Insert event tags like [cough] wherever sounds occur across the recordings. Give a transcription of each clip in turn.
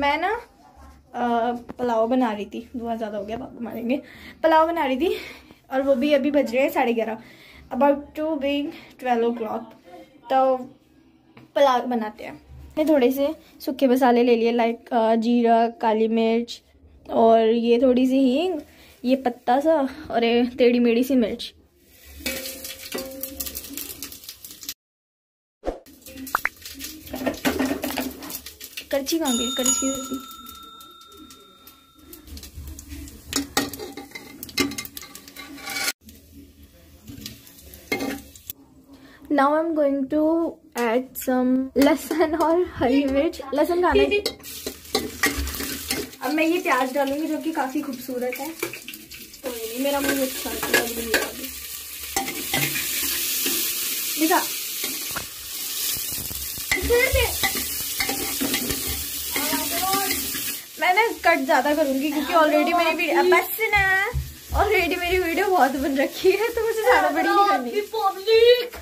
मैं ना पुलाव बना रही थी धुआं ज़्यादा हो गया पापा मारेंगे पुलाव बना रही थी और वो भी अभी बज रहे हैं साढ़े ग्यारह about to being twelve o'clock तो पुलाव बनाते हैं मैंने थोड़े से सूखे मसाले ले लिए लाइक जीरा काली मिर्च और ये थोड़ी सी हींग ये पत्ता सा और ये टेढ़ी मेढ़ी सी मिर्च करछी कहाँ गई करछी होगी now I am going to add some लहसन और हरी मिर्च अच्छा। लहसन खाना अब मैं ये प्याज डालूंगी जो कि काफ़ी खूबसूरत है तो नहीं मेरा मुझे अच्छा देखा मैं ना कट ज़्यादा करूंगी क्योंकि ऑलरेडी मेरी वीडियो ऑलरेडी मेरी वीडियो बहुत बन रखी है तो मुझे ज़्यादा बड़ी नहीं करनी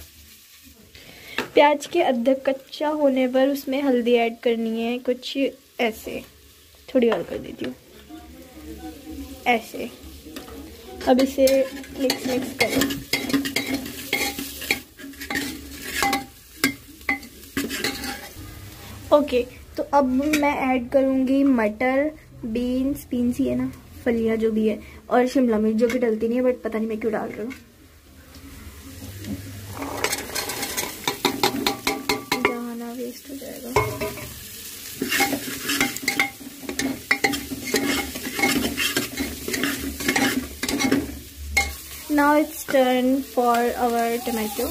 प्याज के अधक कच्चा होने पर उसमें हल्दी ऐड करनी है कुछ ऐसे थोड़ी और कर देती हूँ ऐसे अब इसे मिक्स मिक्स करें ओके okay, अब मैं ऐड करूँगी मटर बीन्स बीन्स ही है ना फलियां जो भी है और शिमला मिर्च जो कि डलती नहीं है बट पता नहीं मैं क्यों डाल रही हूँ जाना वेस्ट हो जाएगा now it's turn for our tomato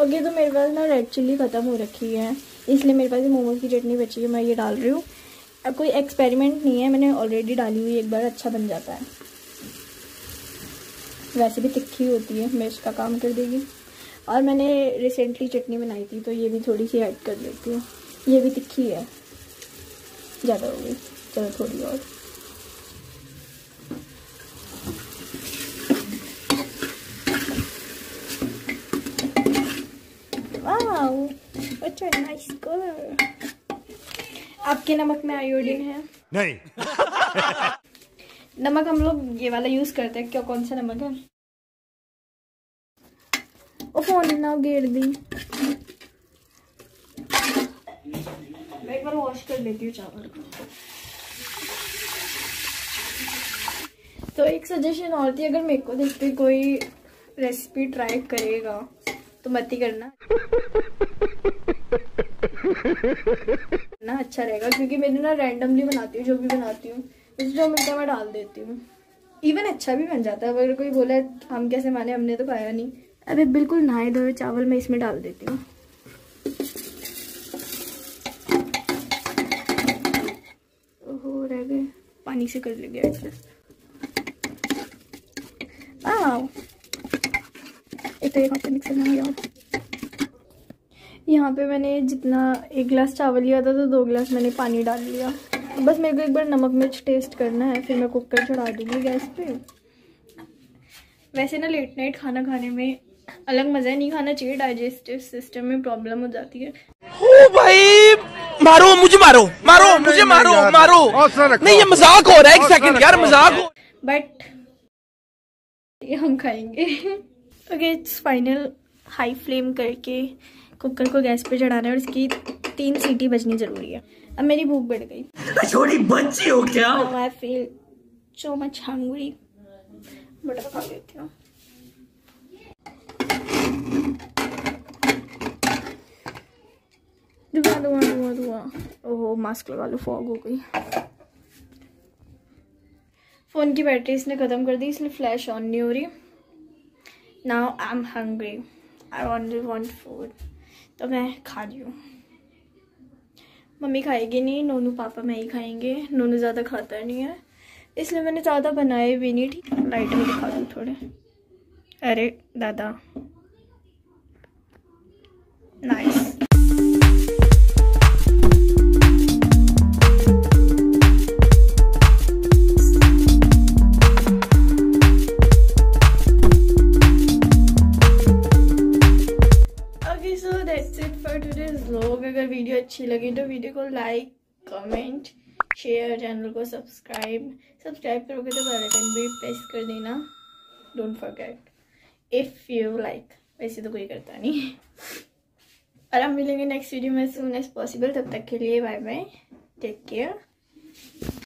और ये तो मेरे पास ना रेड चिल्ली ख़त्म हो रखी है इसलिए मेरे पास मोमोज़ की चटनी बची है मैं ये डाल रही हूँ अब कोई एक्सपेरिमेंट नहीं है मैंने ऑलरेडी डाली हुई एक बार अच्छा बन जाता है वैसे भी तिखी होती है मैं इसका काम कर देगी और मैंने रिसेंटली चटनी बनाई थी तो ये भी थोड़ी सी ऐड कर लेती हूँ ये भी तिखी है ज़्यादा हो गई चलो थोड़ी और wow what a nice colour आपके नमक में आयोडीन है नहीं [laughs] नमक हम लोग ये वाला यूज करते हैं क्यों कौन सा नमक है ओ फोन ना गिर दी मैं एक बार वॉश कर लेती हूँ चावल को तो एक सजेशन और थी अगर मेरे को देखते कोई रेसिपी ट्राई करेगा तो मत ही करना ना अच्छा रहेगा क्योंकि मैंने ना रैंडमली बनाती हूँ जो भी बनाती हूँ उस जो मिलता है मैं डाल देती हूँ इवन अच्छा भी बन जाता है अगर कोई बोला हम कैसे माने हमने तो खाया नहीं अरे बिल्कुल नहाए धोए चावल मैं इसमें डाल देती हूँ ओहो रह गए पानी से कर लेंगे एडजस्ट अच्छा। तो ये मिक्सर मिक्सर में हो यहाँ पे मैंने जितना एक गिलास चावल लिया था तो दो गिलास मैंने पानी डाल लिया बस मेरे को एक बार नमक मिर्च टेस्ट करना है फिर मैं कुकर चढ़ा दूँगी गैस पे वैसे ना लेट नाइट खाना खाने में अलग मज़ा नहीं खाना चाहिए डाइजेस्टिव सिस्टम में प्रॉब्लम हो जाती है ओ भाई मारो मुझे मारो मारो मुझे मारो मारो नहीं ये मजाक हो रहा है एक सेकंड यार मजाक हो बट ये हम खाएंगे okay it's final high flame करके कुकर को गैस पे चढ़ाना है और इसकी तीन सीटी बजनी जरूरी है अब मेरी भूख बढ़ गई छोटी बच्ची हो क्या I feel so much hungry बड़ा खा लेती हूँ धुआं धुआं धुआं धुआं ओहो मास्क लगा लो फॉग हो गई फ़ोन की बैटरी इसने ख़त्म कर दी इसलिए फ्लैश ऑन नहीं हो रही now I am hungry I you want food तो मैं खा रही हूँ मम्मी खाएगी नहीं नोनू पापा मैं ही खाएंगे नोनू ज़्यादा खाता नहीं है इसलिए मैंने ज़्यादा बनाए भी नहीं ठीक लाइट में खा दूँ थोड़े अरे दादा नाइस लोग अगर वीडियो अच्छी लगी तो वीडियो को लाइक कमेंट शेयर चैनल को सब्सक्राइब सब्सक्राइब करोगे तो बेल भी प्रेस कर देना don't forget if you like वैसे तो कोई करता नहीं और हम मिलेंगे नेक्स्ट वीडियो में सुन एज पॉसिबल तब तक के लिए बाय बाय टेक केयर